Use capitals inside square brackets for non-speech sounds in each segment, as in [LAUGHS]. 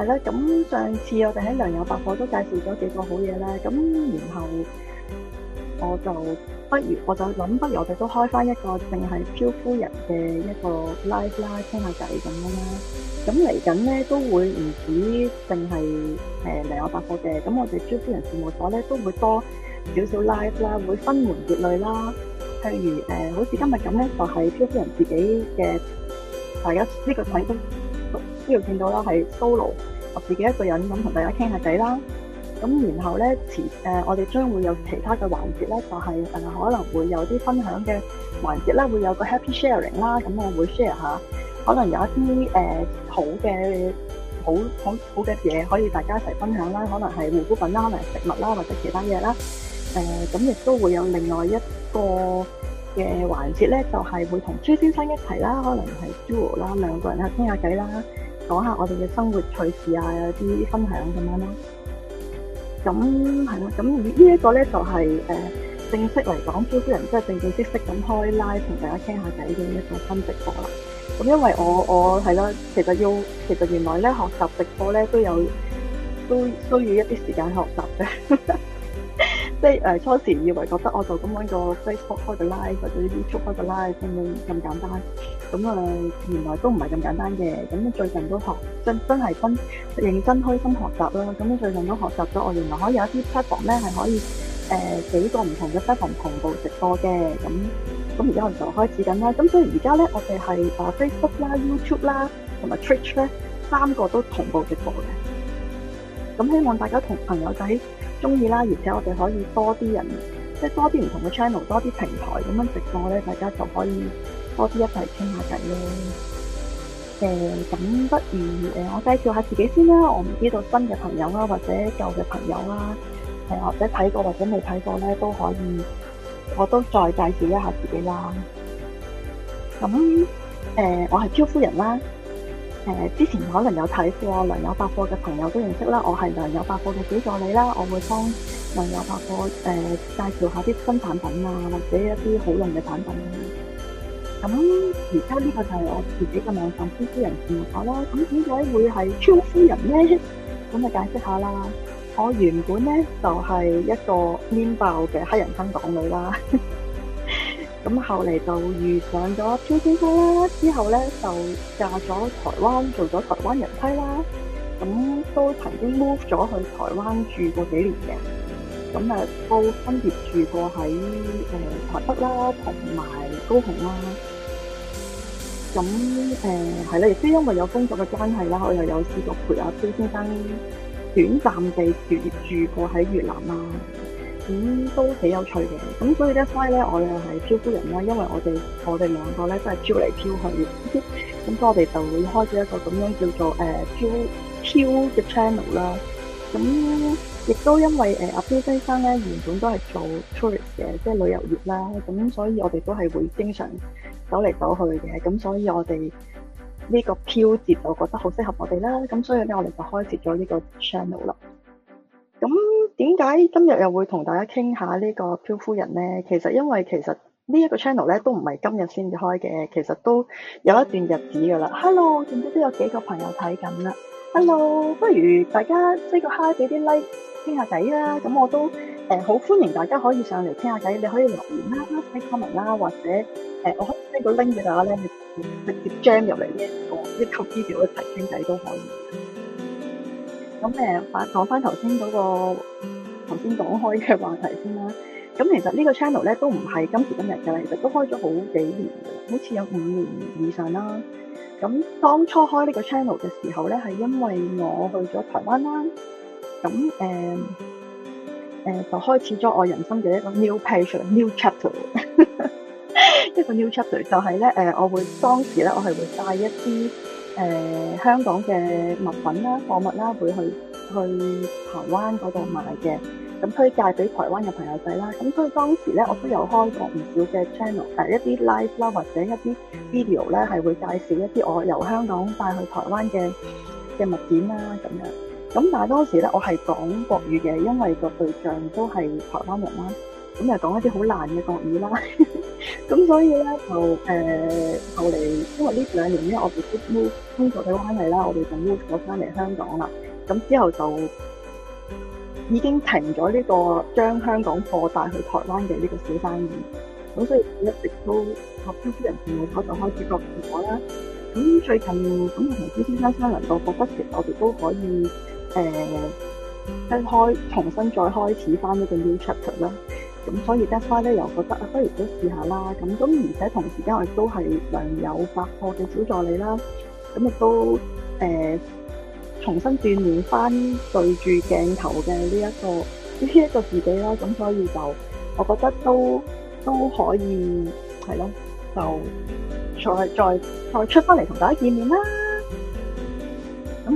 係啦，咁上次我哋喺良友百貨都介紹咗幾個好嘢啦，咁然後我就不如，我就諗不如我哋都開翻一個淨係漂夫人嘅一個 live 啦，傾下偈咁啦。咁嚟緊咧都會唔止淨係誒良友百貨嘅，咁我哋漂夫人事務所咧都會多少少 live 啦，會分門別類啦。譬如誒、呃，好似今日咁咧，就係漂夫人自己嘅，大家呢個睇到都要見到啦，係 solo。我自己一個人咁同大家傾下偈啦，咁然後咧前、呃、我哋將會有其他嘅環節咧，就係、是、誒、呃、可能會有啲分享嘅環節啦，會有個 happy sharing 啦，咁我會 share 下，可能有一啲誒、呃、好嘅好好好嘅嘢可以大家一齊分享啦，可能係護膚品啦，可能係食物啦，或者其他嘢啦，誒咁亦都會有另外一個嘅環節咧，就係、是、會同朱先生一齊啦，可能係 Joey 啦，兩個人去傾下偈啦。講下我哋嘅生活趣事啊，有啲分享咁樣咯。咁係咯，咁、啊、呢一個咧就係、是、誒、呃、正式嚟講，主持人即係正正式式咁開拉同大家傾下偈嘅一個新直播啦。咁因為我我係咯、啊，其實要其實原來咧學習直播咧都有都需要一啲時間學習嘅。 [LAUGHS] 即係誒初時以為覺得我就咁揾個 Facebook 開個 live 或者 YouTube 開個 live 咁樣咁簡單，咁誒原來都唔係咁簡單嘅。咁最近都學真真係真認真開心學習啦。咁最近都學習咗，我原來可以有一啲 platform 咧係可以幾個唔同嘅 platform 同步直播嘅。咁咁而家我就開始緊啦。咁所以而家咧我哋係 Facebook 啦、YouTube 啦同埋 Twitch 咧三個都同步直播嘅。咁希望大家同朋友仔，中意啦，而且我哋可以多啲人，即係多啲唔同嘅 channel，多啲平台咁樣直播咧，大家就可以多啲一齊傾下偈咯。誒、呃，咁不如誒、呃，我介紹下自己先啦。我唔知道新嘅朋友啦，或者舊嘅朋友啦，誒、呃，或者睇過或者未睇過咧，都可以，我都再介紹一下自己啦。咁誒、呃，我係漂夫人啦。誒、呃，之前可能有睇過良友百貨嘅朋友都認識啦，我係良友百貨嘅小助理啦，我會幫良友百貨誒、呃、介紹下啲新產品啊，或者一啲好用嘅產品咁，而家呢個就係我自己嘅網上漂夫人事務所啦，咁點解會係漂夫人咧？咁你解釋下啦。我原本咧就係、是、一個黏爆嘅黑人新港女啦。咁後嚟就遇上咗漂先生啦，之後咧就嫁咗台灣，做咗台灣人妻啦。咁都曾經 move 咗去台灣住過幾年嘅。咁誒都分別住過喺誒、呃、台北啦，同埋高雄啦。咁誒係啦，亦、呃、都因為有工作嘅關係啦，我又有試過陪阿、啊、漂先生短暫地住住過喺越南啦。咁、嗯、都幾有趣嘅，咁所以咧，所以咧，我又係漂夫人啦，因為我哋我哋兩個咧都係漂嚟漂去，咁 [LAUGHS] 所以我哋就會開咗一個咁樣叫做誒漂漂嘅 channel 啦。咁亦都因為誒、呃、阿漂先生咧原本都係做 tourist 嘅，即、就、係、是、旅遊業啦，咁所以我哋都係會經常走嚟走去嘅，咁所以我哋呢個漂節我覺得好適合我哋啦，咁所以咧我哋就開設咗呢個 channel 啦。咁點解今日又會同大家傾下呢個漂夫人咧？其實因為其實頻道呢一個 channel 咧都唔係今日先至開嘅，其實都有一段日子㗎啦。Hello，見到都有幾個朋友睇緊啦？Hello，不如大家即個 high 俾啲 like，傾下偈啦。咁我都誒好歡迎大家可以上嚟傾下偈，你可以留言啦 like comment 啦，或者誒、呃、我可以呢個 link 俾大家咧，直接 jam 入嚟咧，一嚿資料一齊傾偈都可以。咁誒，講翻頭先嗰個頭先講開嘅話題先啦。咁其實個道呢個 channel 咧都唔係今時今日嘅喇。其實都開咗好幾年嘅啦，好似有五年以上啦。咁當初開呢個 channel 嘅時候咧，係因為我去咗台灣啦。咁誒、呃呃、就開始咗我人生嘅一個 new page，new chapter， [LAUGHS] 一個 new chapter，就係咧誒，我會當時咧，我係會帶一啲。誒、呃、香港嘅物品啦、貨物啦，會去去台灣嗰度買嘅，咁推介俾台灣嘅朋友仔啦。咁所以當時咧，我都有開過唔少嘅 channel，誒一啲 live 啦，或者一啲 video 咧，係會介紹一啲我由香港帶去台灣嘅嘅物件啦，咁樣。咁但係當時咧，我係講國語嘅，因為個對象都係台灣人啦。咁又講一啲好難嘅國語啦，咁 [LAUGHS] 所以咧就誒後嚟，呃，因為呢兩年咧我哋 move 工作喺台灣嚟啦，我哋就 move 咗翻嚟香港啦，咁之後就已經停咗呢、呢個將香港貨帶去台灣嘅呢個小生意，咁所以我一直都合招啲人同我講，就開始割唔到啦。咁最近咁我同朱先生商量過，覺得其實我哋都可以誒，呃、一開重新再開始翻呢個 new chapter 啦。咁、嗯、所以 that's why 咧又覺得啊，不如都試下啦。咁咁而且同時間我亦都係良友百貨嘅小助理啦。咁亦都誒、欸、重新鍛鍊翻對住鏡頭嘅呢一個呢一、這個自己啦。咁所以就我覺得都都可以係咯，就再再再出翻嚟同大家見面啦。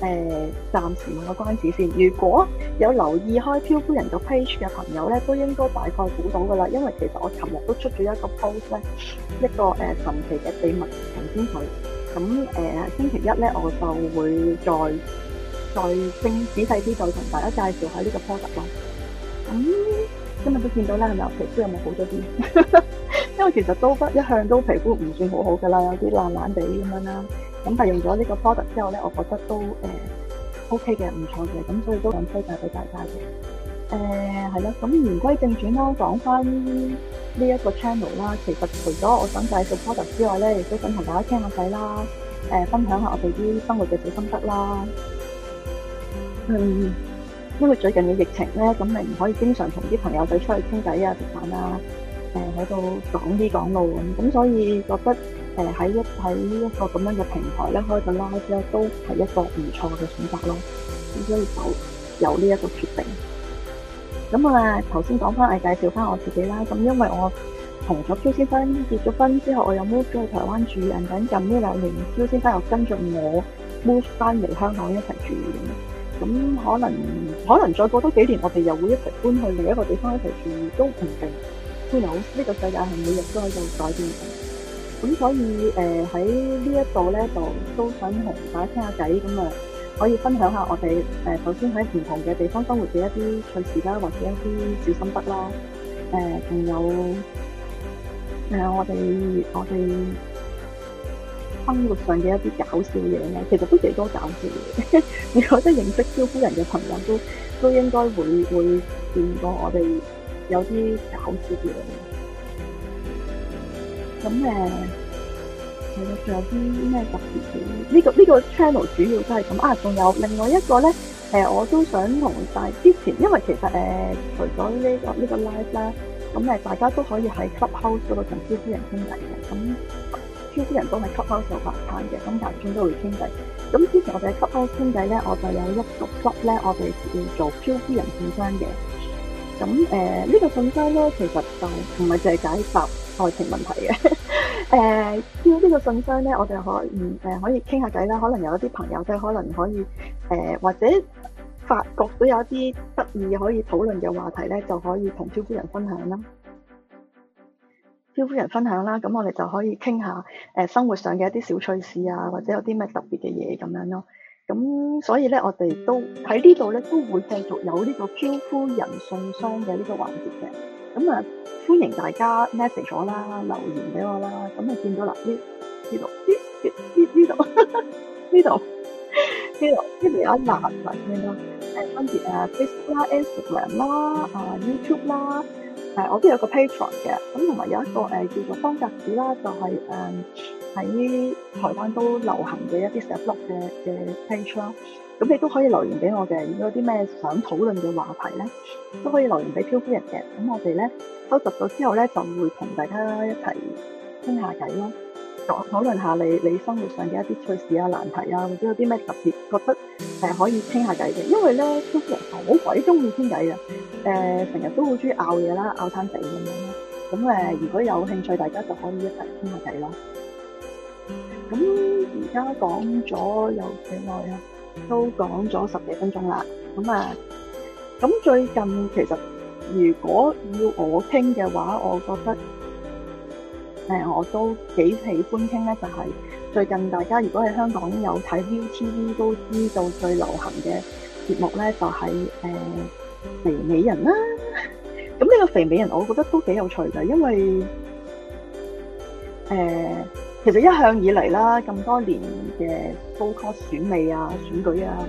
誒、呃，暫時問個關子先。如果有留意開漂夫人個 page 嘅朋友咧，都應該大概估到噶啦。因為其實我琴日都出咗一個 post 咧，一個誒、呃、神奇嘅秘密，搶先佢。咁、嗯、誒、呃，星期一咧，我就會再再更仔細啲，再同大家介紹下呢個 product 咯。咁、嗯、今日都見到咧，係咪皮膚有冇好多啲？ [LAUGHS] 因為其實都一向都皮膚唔算好好噶啦，有啲爛爛地咁樣啦。咁但用咗呢個 product 之後咧，我覺得都誒 OK 嘅，唔錯嘅，咁所以都想推介俾大家嘅。誒，係啦，咁言歸正傳啦，講翻呢一個 channel 啦。其實除咗我想介紹 product 之外咧，亦都想同大家傾下偈啦，誒，分享下我哋啲生活嘅小心得啦。嗯，因為最近嘅疫情咧，咁你唔可以經常同啲朋友仔出去傾偈啊、食飯啊，誒，喺度講啲講路咁，咁所以覺得。誒，喺一喺呢一個咁樣嘅平台咧，開個 live 咧，都係一個唔錯嘅選擇咯。咁所以就有呢一個決定，咁啊，頭先講翻係介紹翻我自己啦。咁因為我同咗朱先生結咗婚之後，我又 move 咗去台灣住一陣，咁呢兩年朱先生又跟住我 move 翻嚟香港一齊住。咁可能可能再過多幾年，我哋又會一直搬去另一個地方一齊住，都唔定。老呢個世界係每日都可以改變。咁所以誒喺、呃、呢一度咧，就都想同大家傾下偈，咁啊可以分享下我哋誒，首先喺唔同嘅地方生活嘅一啲趣事啦，啊，或者一啲小心得啦，誒、呃，仲有誒、呃，我哋我哋生活上嘅一啲搞笑嘢咧，其實都幾多搞笑嘅。如果真係認識招呼人嘅朋友都，都都應該會會見過我哋有啲搞笑嘅。咁誒，係、嗯、咯，仲有啲咩特別嘅？呢、這個呢、這個 channel 主要都係咁啊，仲有另外一個咧，誒、呃，我都想同晒之前，因為其實誒、呃，除咗呢、這個呢、這個 live 啦，咁、嗯、誒，大家都可以喺 clubhouse 嗰度同超啲人傾偈嘅，咁超啲人都喺 clubhouse 度拍攤嘅，咁大眾都會傾偈。咁之前我哋喺 clubhouse 傾偈咧，我就有一組 club 咧，我哋叫做超啲人信箱嘅。咁誒，呢、呃這個信箱咧，其實就唔係淨係解答。愛情問題嘅，誒、 [LAUGHS] 呃，聽呢個信箱咧，我哋可，嗯呃、可以傾下偈啦。可能有一啲朋友即咧，可能可以，誒、呃，或者發覺都有一啲得意可以討論嘅話題咧，就可以同漂夫人分享啦。漂夫人分享啦，咁我哋就可以傾下，誒、呃，生活上嘅一啲小趣事啊，或者有啲咩特別嘅嘢咁樣咯。咁所以咧，我哋都喺呢度咧，都會繼續有呢個漂夫人信箱嘅呢個環節嘅。咁啊，歡迎大家 message 我啦，留言俾我啦。咁 [LAUGHS] 啊，見到啦，呢呢度，呢呢呢度，呢度，呢度，呢度。邊有欄啦，見到誒，分別誒，Facebook 啦，Instagram 啦，啊，Facebook，啊，YouTube 啦，誒，我都有個 Patreon 嘅，咁同埋有一個誒、啊、叫做方格子啦，就係誒喺台灣都流行嘅一啲 blog 嘅嘅 page 啦、啊。咁你都可以留言俾我嘅，如果有啲咩想討論嘅話題咧，都可以留言俾漂夫人嘅。咁我哋咧收集咗之後咧，就會同大家一齊傾下偈咯，講討論下你你生活上嘅一啲趣事啊、難題啊，或者有啲咩特別覺得、呃、可以傾下偈嘅。因為咧，漂夫人好鬼中意傾偈嘅，誒成日都好中意拗嘢啦，拗餐地咁樣。咁誒、呃，如果有興趣，大家就可以一齊傾下偈咯。咁而家講咗有幾耐啊？都講咗十幾分鐘啦，咁啊，咁最近其實如果要我傾嘅話，我覺得誒、嗯，我都幾喜歡傾咧，就係、是、最近大家如果喺香港有睇 ViuTV，都知道最流行嘅節目咧，就係、是、誒、呃、肥美人啦。咁 [LAUGHS] 呢個肥美人，我覺得都幾有趣㗎，因為誒。呃其實一向以嚟，啦，咁多年嘅 so-called 選美啊、選舉啊，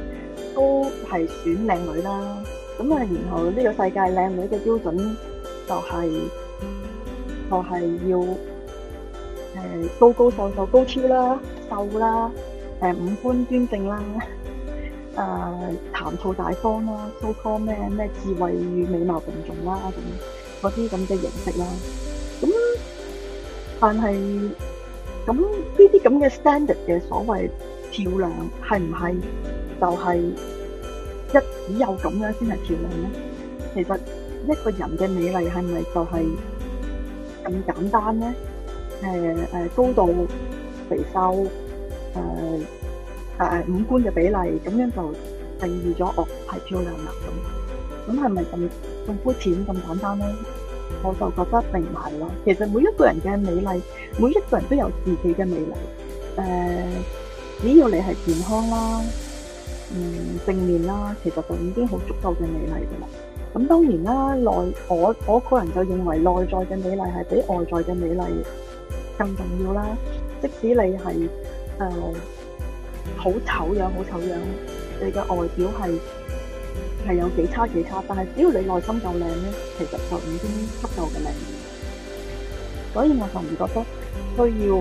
都係選靚女啦。咁啊，然後呢個世界靚女嘅標準就係、是嗯、就係、是、要誒、呃、高高瘦瘦、高挑啦、瘦啦、誒、呃、五官端正啦、誒談吐大方啦、so-called 咩咩智慧與美貌並重啦，咁嗰啲咁嘅形式啦。咁但係，咁呢啲咁嘅 standard 嘅所謂漂亮係唔係就係一只有咁樣先係漂亮咧？其實一個人嘅美麗係咪就係咁簡單咧？誒誒，高度、肥瘦、誒誒五官嘅比例，咁樣就定義咗哦係漂亮啦。咁咁係咪咁咁膚淺咁簡單咧？我就覺得並唔係咯，其實每一個人嘅美麗，每一個人都有自己嘅美麗。誒、呃，只要你係健康啦，嗯，正面啦，其實就已經好足夠嘅美麗噶啦。咁當然啦，內我我個人就認為內在嘅美麗係比外在嘅美麗更重要啦。即使你係誒好醜樣，好醜樣，你嘅外表係。係有幾差幾差，但係只要你內心夠靚咧，其實就已經足夠嘅靚。所以我係唔覺得需要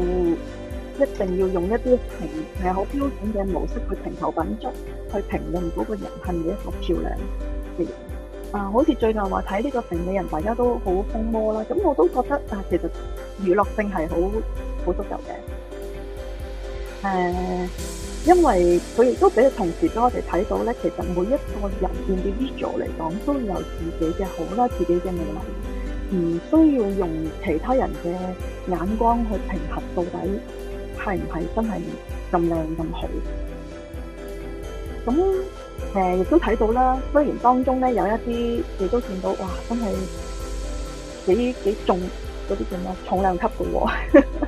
一定要用一啲評係好標準嘅模式去評頭品足，去評論嗰個人係咪好漂亮。啊，好似最近話睇呢個成美人，大家都好風魔啦。咁我都覺得啊，其實娛樂性係好好足夠嘅。係。因為佢亦都俾佢同時俾我哋睇到咧，其實每一個人面嘅 visual 嚟講都有自己嘅好啦，自己嘅唔需要用其他人嘅眼光去評核到底係唔係真係咁靚咁好。咁誒亦都睇到啦，雖然當中咧有一啲亦都見到哇，真係幾幾重嗰啲叫咩重量級嘅喎、哦。 [LAUGHS]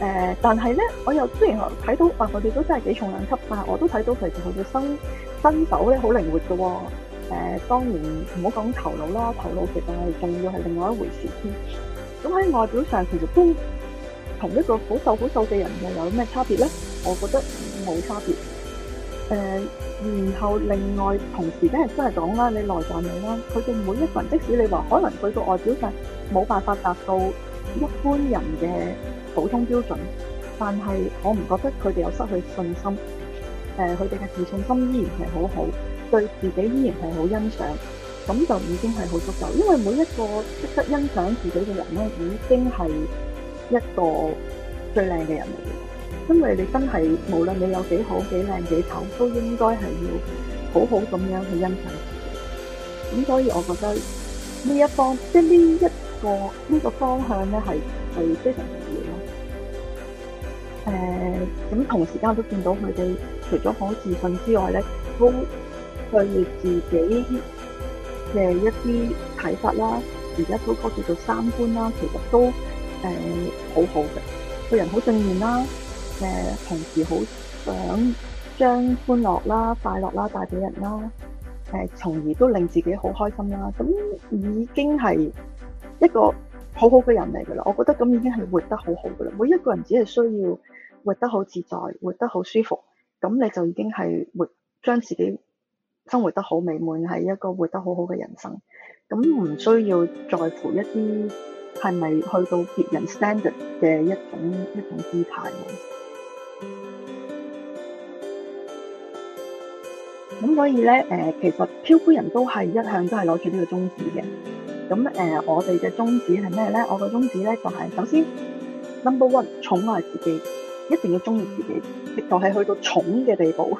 誒、呃，但係咧，我又雖然睇到，我、呃、哋都真係幾重量級，但係我都睇到其實佢嘅身身手咧好靈活嘅、哦。誒、呃，當然唔好講頭腦啦，頭腦其實係重要係另外一回事添。咁喺外表上其實都同一個好瘦好瘦嘅人又有咩差別咧？我覺得冇差別。誒、呃，然後另外同時，梗係真係講啦，你內在美啦，佢哋每一份，即使你話可能佢個外表上冇辦法達到一般人嘅。普通標準，但係，我唔覺得佢哋有失去信心。誒、呃，佢哋嘅自信心依然係好好，對自己依然係好欣賞，咁就已經係好足夠。因為每一個識得欣賞自己嘅人咧，已經係一個最靚嘅人嚟嘅。因為你真係無論你有幾好、幾靚、幾醜，都應該係要好好咁樣去欣賞自己。咁所以，我覺得呢一方即係呢一個呢、呢個方向咧，係係非常重要的。誒、呃、咁同時間都見到佢哋除咗好自信之外咧，都對住自己嘅一啲睇法啦，而家都講叫做三觀啦，其實都誒、呃、好好嘅，個人好正面啦，誒、呃、同時好想將歡樂啦、快樂啦帶俾人啦，誒、呃、從而都令自己好開心啦，咁已經係一個好好嘅人嚟噶啦，我覺得咁已經係活得好好噶啦，每一個人只係需要，活得好自在，活得好舒服，咁你就已經係活，將自己生活得好美滿，係一個活得好好嘅人生，咁唔需要在乎一啲係咪去到別人 standard 嘅一種一種姿態。咁所以咧，誒、呃，其實漂夫人都係一向都係攞住呢個宗旨嘅。咁誒、呃，我哋嘅宗旨係咩咧？我個宗旨咧就係、是、首先，number one，寵愛自己。一定要中意自己，直頭係去到寵嘅地步，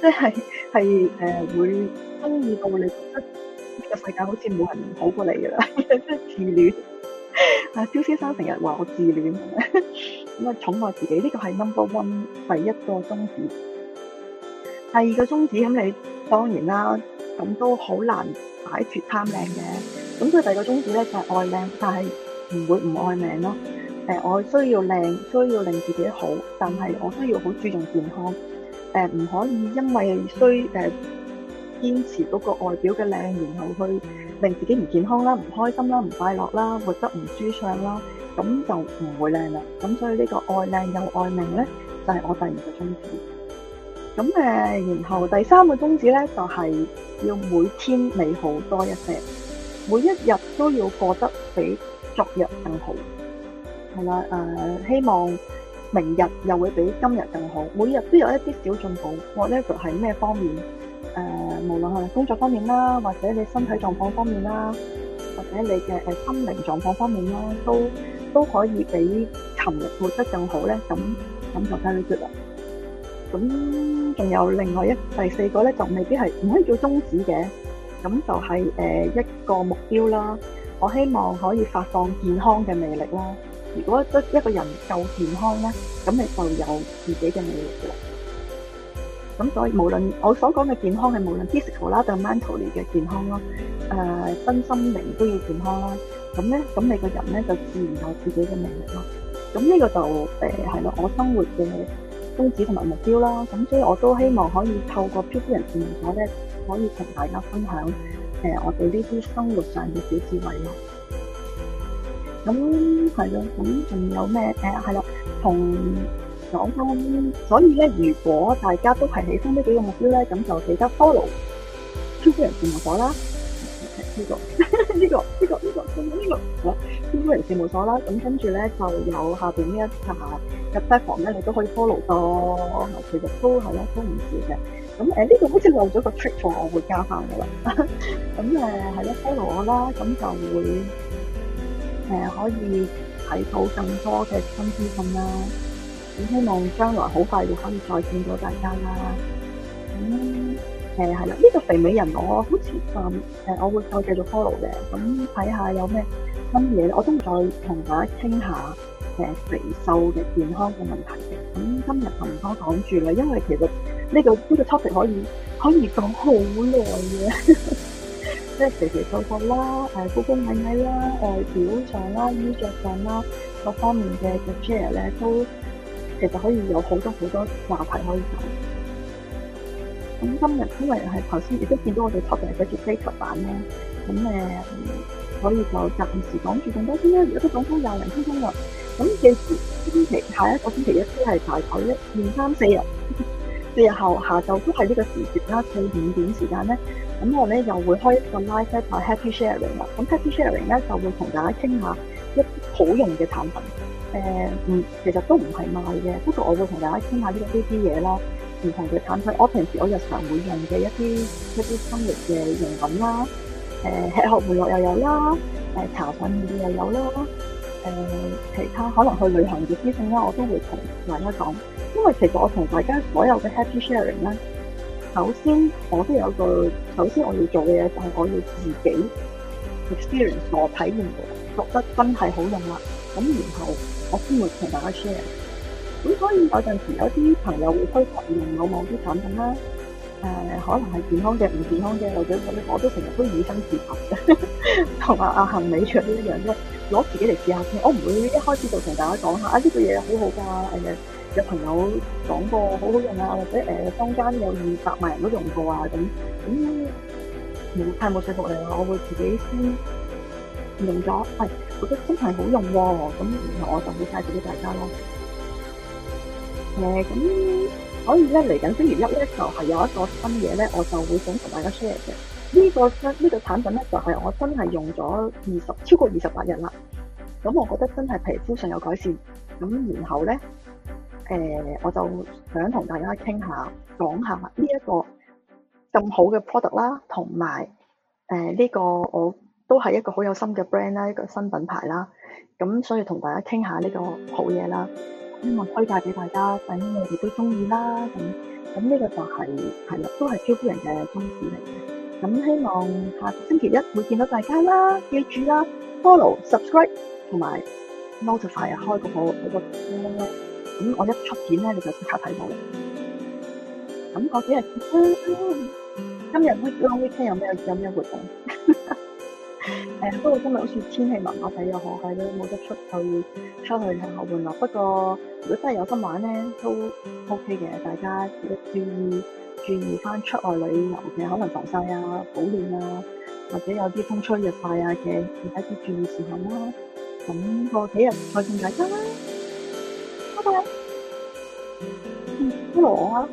即係係誒，會中意到你覺得呢個世界好似冇人唔好過你噶啦，即係自戀。阿焦先生成日話我自戀，咁啊寵愛自己呢個係 number one 第一個宗旨。第二個宗旨咁你當然啦，咁都好難擺脫貪靚嘅。咁佢第二個宗旨咧，就係愛靚，但係唔會唔愛命咯。誒、呃，我需要靚，需要令自己好，但係我需要好注重健康。誒、呃，唔可以因為需誒堅、呃、持嗰個外表嘅靚，然後去令自己唔健康啦、唔開心啦、唔快樂啦、活得唔舒暢啦，咁就唔會靚啦。咁所以呢個愛靚又愛命咧，就係、是、我第二個宗旨。咁誒、呃，然後第三個宗旨咧，就係、是、要每天美好多一些，每一日都要過得比昨日更好。係啦，誒，希望明日又會比今日更好，每日都有一啲小進步，或者係咩方面，誒，無論係工作方面啦，或者你身體狀況方面啦，或者你嘅誒心靈狀況方面啦，都都可以比尋日活得更好咧。咁咁就睇你咗啦。咁仲有另外一第四個咧，就未必係唔可以叫宗旨嘅，咁就係誒一個目標啦。我希望可以發放健康嘅魅力啦。如果得一個人夠健康咧，咁你就有自己嘅魅力嘅啦。咁所以無論我所講嘅健康係無論 physical 啦，對 mental 嘅健康啦，誒、呃、身心靈都要健康啦。咁咧，咁你個人咧就自然有自己嘅魅力咯。咁呢個就誒係咯，我生活嘅宗旨同埋目標啦。咁所以我都希望可以透過漂夫人事務所嘅平台咧，可以同大家分享誒我哋呢啲生活上嘅小智慧咯。咁係咯，咁仲有咩誒係啦？同講翻，所以咧，如果大家都係喜歡呢幾個目標咧，咁就記得 follow 漂夫人事務所啦，呢個呢個呢個呢個呢個，好、 [LAUGHS] 這，個，書、這、人、個這個這個啊、事務所啦。咁跟住咧就有下邊呢一排入 s 房咧，你都可以 follow 個，其實都係啦，都唔少嘅。咁誒，呢、呃、度、這個、好似漏咗個 t r i c k 我會加翻噶啦。咁 [LAUGHS] 誒，係、呃、咯，follow 我啦，咁就會。誒、呃，可以睇到更多嘅新資訊啦！咁希望將來好快會可以再見到大家啦。咁、嗯，誒、嗯、啦、呢、嗯這個肥美人我好似就，我會再繼續 follow 嘅。咁睇下有咩新嘢，我都再同大家傾下、嗯。肥瘦嘅健康嘅問題，咁、嗯、今日就唔多講住啦。因為其實呢、這個呢 topic，這個、可以可以講好耐嘅。 [LAUGHS] 即係肥肥瘦瘦啦，誒高高矮矮啦，呃、外表上啦，衣着上啦，各方面嘅嘅 share 咧都，其實可以有好多好多話題可以講。咁今日因為係頭先亦都見到我哋出嚟 p i c 係住版咧，咁誒可以就暫時講住咁多先啦。而家都講翻廿零分鐘啦，咁幾時？星期下一個星期一都係、就是、大概一、二、三、四日，四日後下晝都係呢個時段啦，四五點時間咧。咁我咧又會開一個 live 咧，就 Happy Sharing 啦。咁 Happy Sharing 咧就會同大家傾下一啲好用嘅產品，呃。其實都唔係賣嘅，不過我會同大家傾下呢個呢啲嘢啦。唔同嘅產品， [NOISE] 我平時我日常會用嘅一啲一啲生活嘅用品啦。誒、呃，吃喝玩樂又有啦。誒，茶品嘅又有啦，呃。其他可能去旅行嘅資訊啦，我都會同大家講。因為其實我同大家所有嘅 Happy Sharing 咧。首先，我都有個首先我要做嘅嘢，就係我要自己 experience 我體驗到覺得真係好用啦。咁然後我先會同大家 share。咁所以有陣時有啲朋友會開發用我某啲產品啦、呃，可能係健康嘅、唔健康嘅，或者我我都成日都以身試法嘅，同 [LAUGHS] 阿阿恆美卓一樣啫，攞自己嚟試下先，我唔會一開始就同大家講下「啊呢個嘢好好㗎，誒、呃、有朋友講過好好用啊，或者誒、呃、當間有二百萬人都用過啊，咁咁冇太冇說服力，我會自己先、嗯、用咗，喂、哎，覺得真係好用喎、啊，咁然後我就會介紹俾大家咯。咁、呃、可、嗯、以咧嚟緊星期一呢就係有一個新嘢咧，我就會想同大家 share 嘅。呢、這個呢、這個產品咧就係、是、我真係用咗二十超過二十八日啦，咁我覺得真係皮膚上有改善。咁然後咧，誒、呃、我就想同大家傾下講下呢、呃這個、一個咁好嘅 product 啦，同埋誒呢個我都係一個好有心嘅 brand 啦，一個新品牌啦。咁所以同大家傾下呢個好嘢啦，希望推介俾大家，等我哋都中意啦。咁咁呢個就係係啦，都係漂夫人嘅宗旨嚟嘅。咁、嗯、希望下星期一會見到大家啦！記住啦，follow、subscribe 同埋 notify 啊，開個好嗰個通知咧。咁、嗯、我一出片咧，你就即刻睇到。咁、嗯、我、嗯、今日、嗯、今日 week long weekend 有咩有咩活動？係 [LAUGHS] 啊、嗯，不過今日好似天氣麻麻地又好，係都冇得出去出去行下玩啦。不過如果真係有心玩咧，都 OK 嘅。大家記得注意。注意翻出外旅遊嘅可能防曬啊、保暖啊，或者有啲風吹日曬啊嘅，一啲注意事項啦、啊。咁過幾日再見大家啦，拜拜，嗯好啊！